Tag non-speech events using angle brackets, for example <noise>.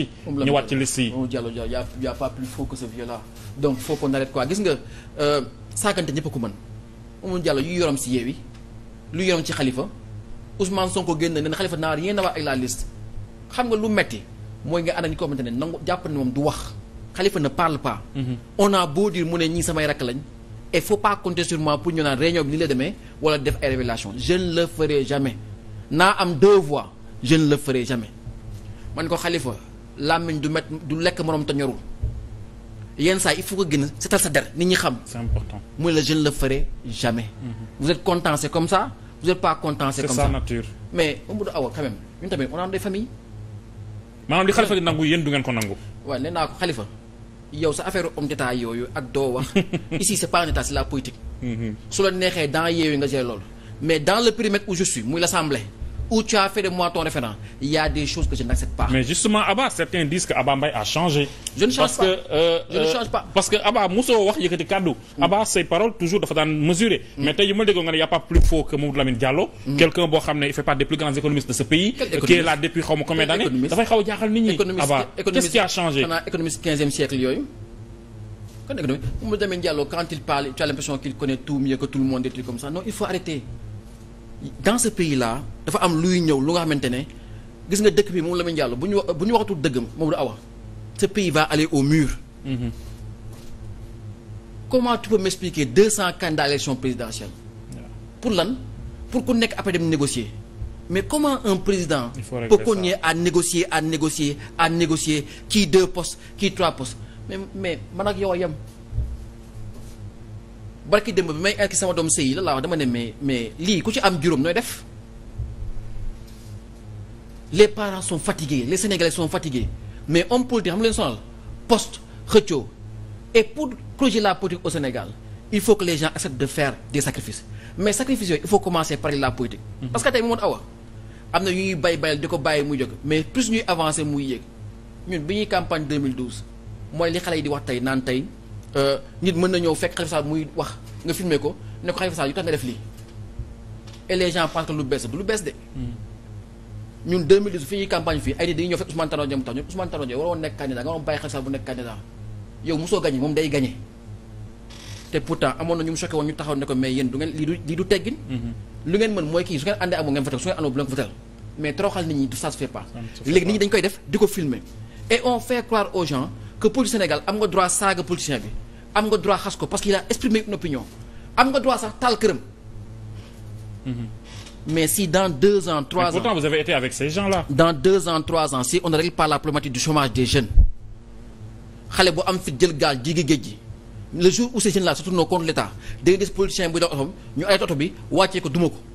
ci ñëwaat ci liste yi Diallo Diallo y'a y'a pas plus faux que ce vieux là donc faut qu'on arrête quoi gis nga euh, saakante ñëpp a ko mën Oumou Diallo yu yorom si Yewwi lu yorom ci Khalifa Ousmane Sonko génn na ne Khalifa naa rien à voir ak la liste xam nga lu metti mooy nga ànd ak ñi ko xamante ne nangu jàpp ne moom du wax Khalifa ne mhm. a beau dire mu ne ñii samay jamais naa am deux voix je ne jamais man ko Khalifa làmmiñ du met du lekk moroom te ñorul yenn saa il faut que gën a setal sa der nit ñi xam. muy la je ne le ferai jamais. Mm-hmm. vous êtes content comme ça vous êtes pas content comme ça mais au bout de awa ah quand même ñun tamit on a des familles. maanaam li xalifa di nangu yéen du ngeen ko nangu. waaw nee naa ko xalifa yow sa affaire om d'état yooyu ak doo wax <laughs> ici c'est pas un état la politique. Mm-hmm. su la neexee dans yeewu nga jël loolu mais dans le périmètre où je suis où tu as fait de moi ton référent il a des choses que je n'accepte pas. mais justement Abba certains disent que Abba Mbaye a changé. Euh, euh, parce que Abba mosoo wax yëkkati kàddu. Mm. Abba say paroles toujours dafa daan mesurer. Mm. mais tey yu ma déggoo nga ne y' a pas plus faux que Mamadou Lamine Diallo. Mm. quelqu'un boo xam ne il fait partie des plus grands économistes de ce pays. qui est là depuis xaw ma combien d'années. dafay xaw a jaaxal nit ñi. Abba quand il parle dans ce pays là dafa am luy ñëw lu nga xamante ne gis nga dëkk bi moom la muy jàll bu ñu bu ñu waxatul dëggam moom du awa ce pays va aller au mur. Mmh. comment tu peux m'expliquer deux cent candidats à l'élection présidentielle. pour lan pour ku nekk après dem négocier. mais comment un président peut continuer à négocier à négocier à négocier kii deux postes kii trois postes mais mais man ak yow a yem barki démb bi may ak sama doom sëy la laa wax dama ne mais mais lii ku ci am juróom nooy def les parents sont fatigués les sénégalais sont fatigués mais homme politique xam leen sonal poste xëccoo et pour corriger la politique au Sénégal il faut que les gens acceptent de fair des sacrifices mais sacrifices yooyu il faut commencer par la politique. Mhm. parce que tey moom awa am na ñu ñuy bay bayal di ko bàyyi mu jóg mais plus ñuy avancer muy yéeg ñun bi ñuy campagne 2012 mooy li xale yi di wax tey naan tey. Euh, nit mën na ñëw fekk Khalifa Sall muy wax nga filmer ko ne ko Khalifa Sall yu tax nga def lii et les gens pensent que lu bees du lu bees de. Hmm. ñun 2010 fi ñuy campagne fii ay nit dañuy ñëw fekk Ousmane Tanor mu tax ñun Ousmane Tanor Dieng waroon nekk candidat nga waroon bàyyi Khalifa bu nekk candidat yow mosoo gagné moom day gagné te pourtant amoon na ñu mu choqué woon ñu taxaw ne ko mais yéen du ngeen lii du lii du teggin. Hmm. lu ngeen mën mooy kii su ngeen àndee amoo que police Sénégal am nga droit saaga politicien bi am nga droit xas ko parce qu'il a exprimé une opinion am nga droit sax taal këram. Mm-hmm. mais si dans deux ans trois pourtant, ans. dans deux ans trois ans si on ne règle pas du chômage des jeunes xale bu am fit jël gaal jigi géej gi le jour où ces jeunes-là se tournent contre l'État da ngay gis politicien bi doon oto ñu ay oto bi wàccee ko duma ko.